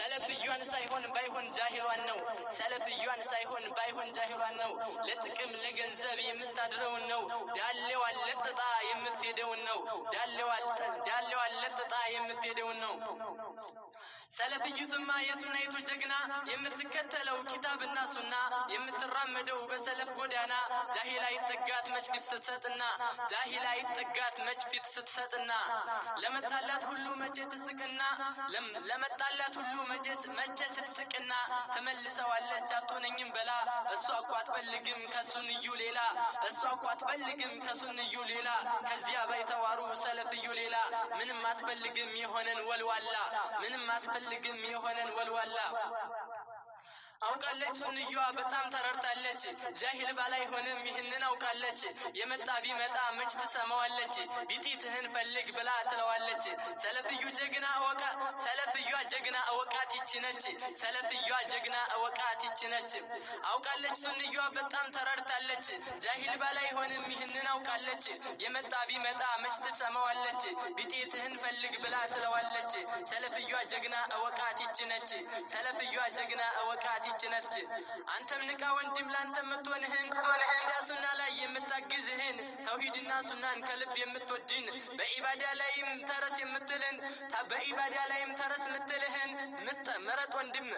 ሰለፍዩን ሳይሆን ባይሆን ጃሂሏን ነው። ሰለፍዩን ሳይሆን ባይሆን ጃሂሏን ነው። ለጥቅም ለገንዘብ የምታድረውን ነው። ዳሌዋን ለጥጣ የምትሄደውን ነው። ዳሌዋን ለጥጣ የምትሄደውን ነው። ሰለፍዩትማ የሱናይቱ ጀግና የምትከተለው ኪታብና ሱና የምትራመደው በሰለፍ ጎዳና ጃሂል አይጠጋት መች ስትሰጥና ጃሂል አይጠጋት መች ስትሰጥና ለመጣላት ሁሉ መቼ ትስቅና ለመጣላት ሁሉ መቼ ስትስቅና ትመልሰዋለች አትሆነኝም በላ እሷ እኮ አትፈልግም ከሱንዩ ሌላ እሷ እኮ አትፈልግም ከሱንዩ ሌላ ከዚያ ባይተዋሩ ሰለፍዩ ሌላ ምንም አትፈልግም የሆነን ወልዋላ ምንም አትፈልግም የሆነን ወልዋላ አውቃለች። ሱንዩዋ በጣም ተረድታለች። ጃሂል ባላይሆንም ይህንን አውቃለች። የመጣ ቢመጣ መች ትሰማዋለች። ቢጢትህን ፈልግ ብላ ትለዋለች። ሰለፍዩ ጀግና ወቃ ጀግና እወቃት ይቺ ነች። ሰለፍያ ጀግና እወቃት ይቺ ነች። አውቃለች ሱንያ በጣም ተረድታለች። ጃሂል ባላ አይሆንም ይህንን አውቃለች። የመጣ ቢመጣ መች ትሰማዋለች። ቢጤትህን ፈልግ ብላ ትለዋለች። ሰለፍያ ጀግና እወቃት ይቺ ነች። ሰለፍያ ጀግና እወቃት ይቺ ነች። አንተም ንቃ ወንድም ለአንተ የምትሆንህን ሱና ላይ የምታገ ተውሂድና ሱናን ከልብ የምትወድን በኢባዳ ላይም ተረስ የምትልን በኢባዳ ላይም ተረስ የምትልህን ምረጥ ወንድም፣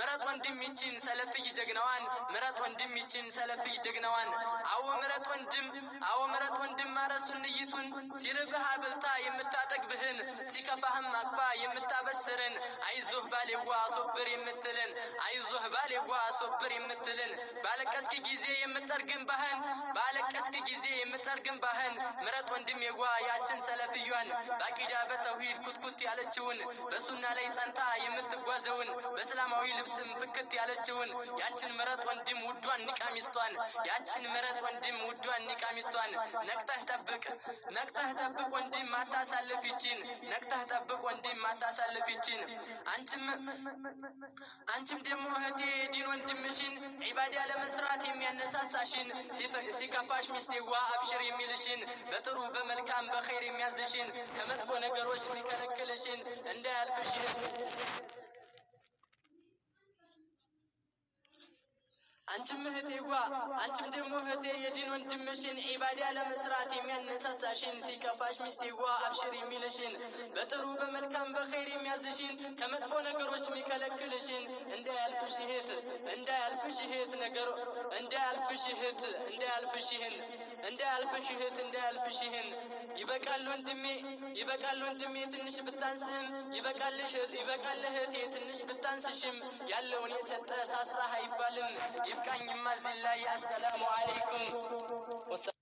ምረጥ ወንድም ይችን ሰለፍይ ጀግናዋን፣ ምረጥ ወንድም ይችን ሰለፍይ ጀግናዋን። አዎ ምረጥ ወንድም፣ አዎ ምረጥ ወንድም ማረሱንይቱን ሲርብህ አብልታ የምታጠግብህን ሲከፋህም አቅፋ የምታበስርን አይዞህ ባሌዋ ሶብር የምትልን አይዞህ ባሌዋ ሶብር የምትልን ባለቀስኪ ጊዜ የምጠርግን ባህን ባለ በመስክ ጊዜ የምጠርግን ባህን ምረጥ ወንድም የጓ ያችን ሰለፍያዋን በአቂዳ በተውሂድ ኩትኩት ያለችውን በሱና ላይ ጸንታ የምትጓዘውን በእስላማዊ ልብስም ፍክት ያለችውን ያችን ምረጥ ወንድም ውዷን ኒቃሚስቷን ያችን ምረጥ ወንድም ውዷን ኒቃሚስቷን ነቅተህ ጠብቅ ነቅተህ ጠብቅ ወንድም ማታሳልፍ ይችን ነቅተህ ጠብቅ ወንድም ማታሳልፍ ይችን አንችም አንቺም ደግሞ እህቴ ዲን ወንድምሽን ዒባዳ ለመስራት የሚያነሳሳሽን ሲከፋሽ ሚስቲዋ አብሽር የሚልሽን በጥሩ በመልካም በኸይር የሚያዝሽን ከመጥፎ ነገሮች የሚከለክልሽን እንዳያልፍሽን አንቺም እህቴ ጓ አንቺም ደግሞ እህቴ የዲን ወንድምሽን ዒባዳ ለመስራት የሚያነሳሳሽን ሲከፋሽ ሚስቴ ጓ አብሽር የሚልሽን በጥሩ በመልካም በኸይር የሚያዝሽን ከመጥፎ ነገሮች የሚከለክልሽን እንዳያልፍሽ እህት እንዳያልፍሽ እህት ነገሮ እንዳያልፍሽ እህት እንዳያልፍሽ ይህን እንዳያልፍሽ እህት እንዳያልፍሽ ይህን ይበቃል ወንድሜ ይበቃል ወንድሜ ትንሽ ብታንስህም፣ ይበቃል እህቴ ትንሽ ብታንስሽም፣ ያለውን የሰጠ ሳሳህ አይባልም። ይብቃኝማ እዚህ ላይ አሰላሙ አለይኩም።